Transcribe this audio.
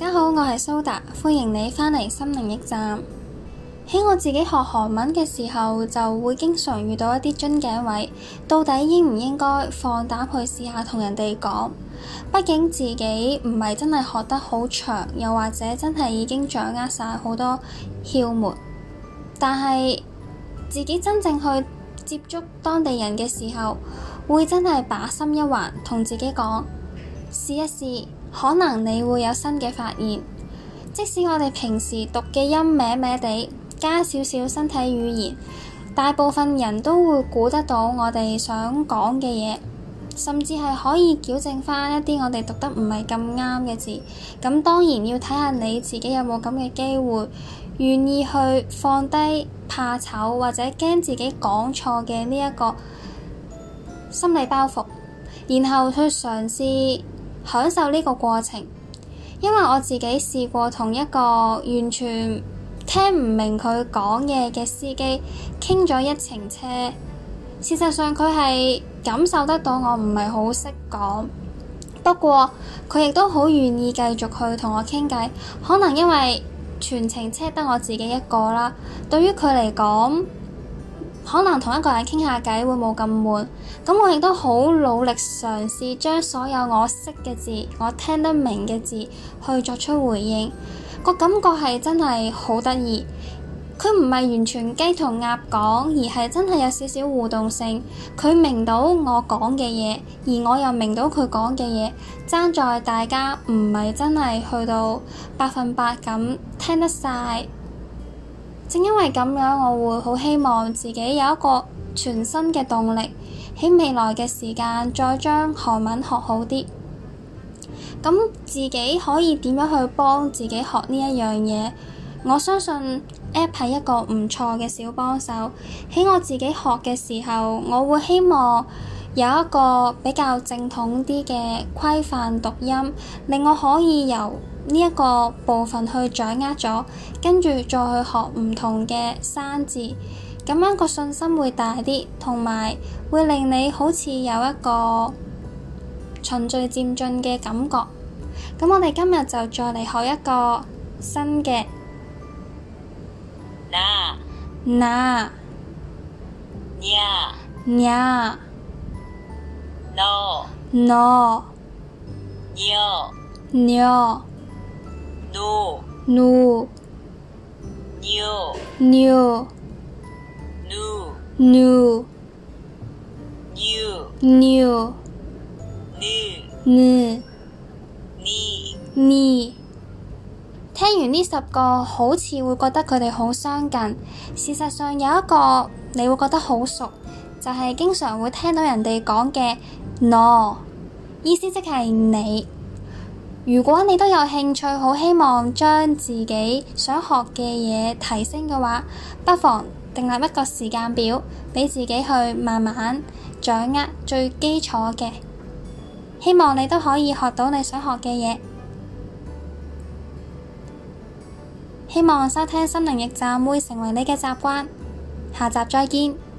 大家好，我係蘇達，歡迎你返嚟心靈驛站。喺我自己學韓文嘅時候，就會經常遇到一啲樽頸位，到底應唔應該放膽去試下同人哋講？畢竟自己唔係真係學得好長，又或者真係已經掌握晒好多竅門。但係自己真正去接觸當地人嘅時候，會真係把心一橫，同自己講試一試。可能你會有新嘅發現，即使我哋平時讀嘅音歪歪地，加少少身體語言，大部分人都會估得到我哋想講嘅嘢，甚至係可以矯正翻一啲我哋讀得唔係咁啱嘅字。咁當然要睇下你自己有冇咁嘅機會，願意去放低怕醜或者驚自己講錯嘅呢一個心理包袱，然後去嘗試。享受呢個過程，因為我自己試過同一個完全聽唔明佢講嘢嘅司機傾咗一程車。事實上，佢係感受得到我唔係好識講，不過佢亦都好願意繼續去同我傾偈。可能因為全程車得我自己一個啦，對於佢嚟講。可能同一個人傾下偈會冇咁悶，咁我亦都好努力嘗試將所有我識嘅字、我聽得明嘅字去作出回應，個感覺係真係好得意。佢唔係完全雞同鴨講，而係真係有少少互動性。佢明到我講嘅嘢，而我又明到佢講嘅嘢，爭在大家唔係真係去到百分百咁聽得晒。正因為咁樣，我會好希望自己有一個全新嘅動力，喺未來嘅時間再將韓文學好啲。咁自己可以點樣去幫自己學呢一樣嘢？我相信 App 係一個唔錯嘅小幫手。喺我自己學嘅時候，我會希望，有一個比較正統啲嘅規範讀音，令我可以由呢一個部分去掌握咗，跟住再去學唔同嘅生字，咁樣，這個信心會大啲，同埋會令你好似有一個循序漸進嘅感覺。咁我哋今日就再嚟學一個新嘅。嗱。嗱。no no no no no no no no no no no no no no no 聽完呢十個，好似會覺得佢哋好相近。事實上有一個你會覺得好熟，就係經常會聽到人哋講嘅。No，意思即係你。如果你都有興趣，好希望將自己想學嘅嘢提升嘅話，不妨訂立一個時間表，俾自己去慢慢掌握最基礎嘅。希望你都可以學到你想學嘅嘢。希望收聽心靈驛站會成為你嘅習慣。下集再見。